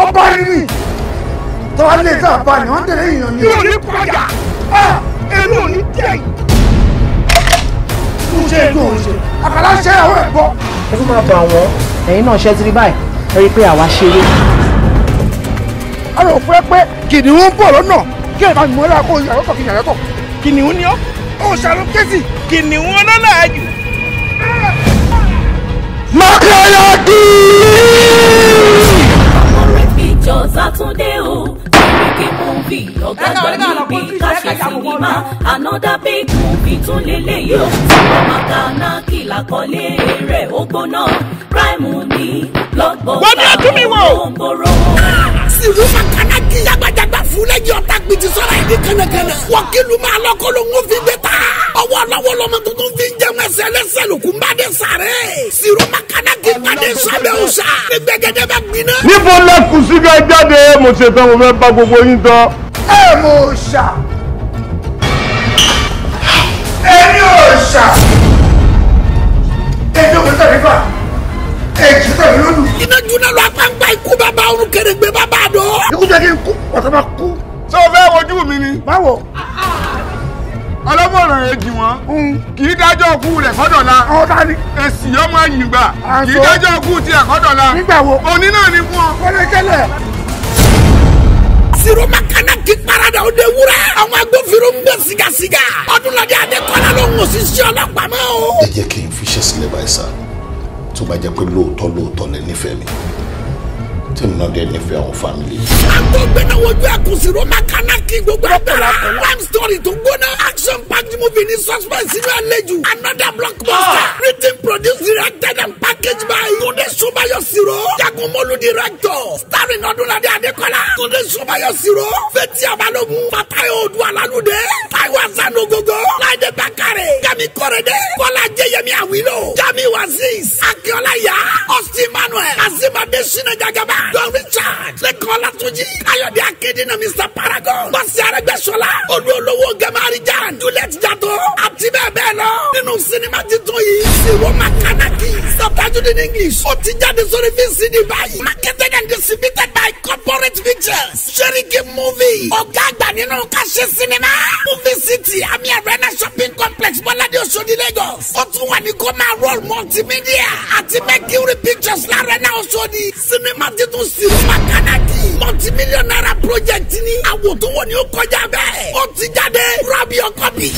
ọba nínú tọ́wọ́ lè tà bá ní wọ́n tẹ̀lé èèyàn ni. yóò ní pàjá èmi ah! ò ní tẹ̀ yìí. mo ṣe ètò òṣè àkàlà ṣe àwọn ẹ̀bọ. ẹ fún máa bọ àwọn ẹ̀yin náà ṣe tiri báyìí ẹ rí i pé àwa ṣeré. a lò fẹ́ pé kìnìún ń bọ̀ lọ́nà kí ẹ̀ bá mi mọ́ ẹ́ lákòó yàrá kọ̀ kí yàrá kọ̀ kìnìún ni ọ́ ó ṣàlù kẹ́sì kìnìún ọlọ́lá jù. mákàlá dùn. movie ọ̀gá gba níbi káṣe sinimá another big movie tún lélẹ̀ yóò sílẹ̀ Makanaki làkọlé rẹ̀ ó gbóná prime ní blockbuster ó ń borò. Sìrú Makanaki yagbajagba fúlẹ́jì ọ̀tá gbìtì sọ́ra ẹni kànnàkànnà wọ́kìlù máa lọ́kọ́lọ́ ń fi gbé ta ọwọ́ lọ́wọ́ lọ́mọ tuntun fi ń jẹun ẹsẹ̀ lẹ́sẹ̀ lòkun bá dé sàrẹ́. Sìrú Makanaki pàdé sábẹ́ òòṣà. gbẹgẹdẹ bá gbiná. níbo la kùsí ká jáde mo ṣe tán mo fẹ́ bá gbogbo yín tán èmi òòṣà èmi òòṣà èmi òkúta nípa èjì tẹ̀lé lónìí. iná júná lọ apáńpá ikú bàbá ọrùn kèrègbè bàbá àdó. ikú jẹ́ kí n kú ọ̀tọ́ bá kú. ṣé o fẹ́ wojú mi ni. báwo ọlọ́mọ̀ràn èjì wọn hmm. kì í dájọ́ ọkú rẹ̀ kọ́dọ̀la èsì ọmọ àyìnbá kì í dájọ́ ọkú tiẹ̀ kọ́dọ̀la òní náà ni fún ọ. kọ́lé kẹlẹ̀ siro ma kana kí parada o de wura. àwọn agbófinró ń gbé sigasiga. ọdúnladé adékọ́lá ló ń wò sí ọlọ́pàá mọ́ ẹ jẹ́ kí n fi sílẹ̀ báyìí sá tó bá jẹ́ pé lóòótọ́ lóòótọ́ lẹ nífẹ̀ẹ́ mi tí mo náà nífẹ̀ẹ́ àwọn fámìlì. agbófinró wojú àkùsìrò ma kana kí gbogbo abẹ́rẹ́ crime story tó gbóná action packed movie ní suspense inú àlejò another blockbuster ah! written produced directed and packaged by Tunde Sobayo Siro Jagunmolu director starring ọdúnladé adékọ́lá Akande Sumaya Siro. Fẹ́tí Abalogun. Papa yóò du alalude. Taiwo Asano Gogo. Láìdé Bakare. Kami Kọ̀rẹ́dé. Kọ́lá Jẹ́yẹmí Awilo. Jami Wazis. Akiola Ya. Austin Manuel. Azimade Sinajagaba. Don Richard. Lẹ́kọ̀ọ́ Latunji. Ayọ̀dé Akéde na Mr Paragon. Bọ́sẹ̀ Arẹ́gbẹ́sọlá. Olúolówó Gẹ́mari Jan. Juliet Jato. Àti bẹ́ẹ̀ bẹ́ẹ̀ lọ. Nínú sinimá titun yìí. Siro Makanaki. Sọ́tájú ní English. O ti jáde sórí fi CD báyìí. Marketed and distributed by Great Pictures Sherike movie ọ̀gá àgbà nínú kàṣẹ sinimá movie city àmì arena shopping complex bọ́ládé Òṣòdì Lagos ó tún wà ní kọ́má roll multimedia àti mercury pictures l'arena Òṣòdì sinimá titun sinimá kanadi multimillion naira project ni àwòtúnwò ni ó kọjá bẹ́ẹ̀ ó ti jáde rabi ọkọ bíi.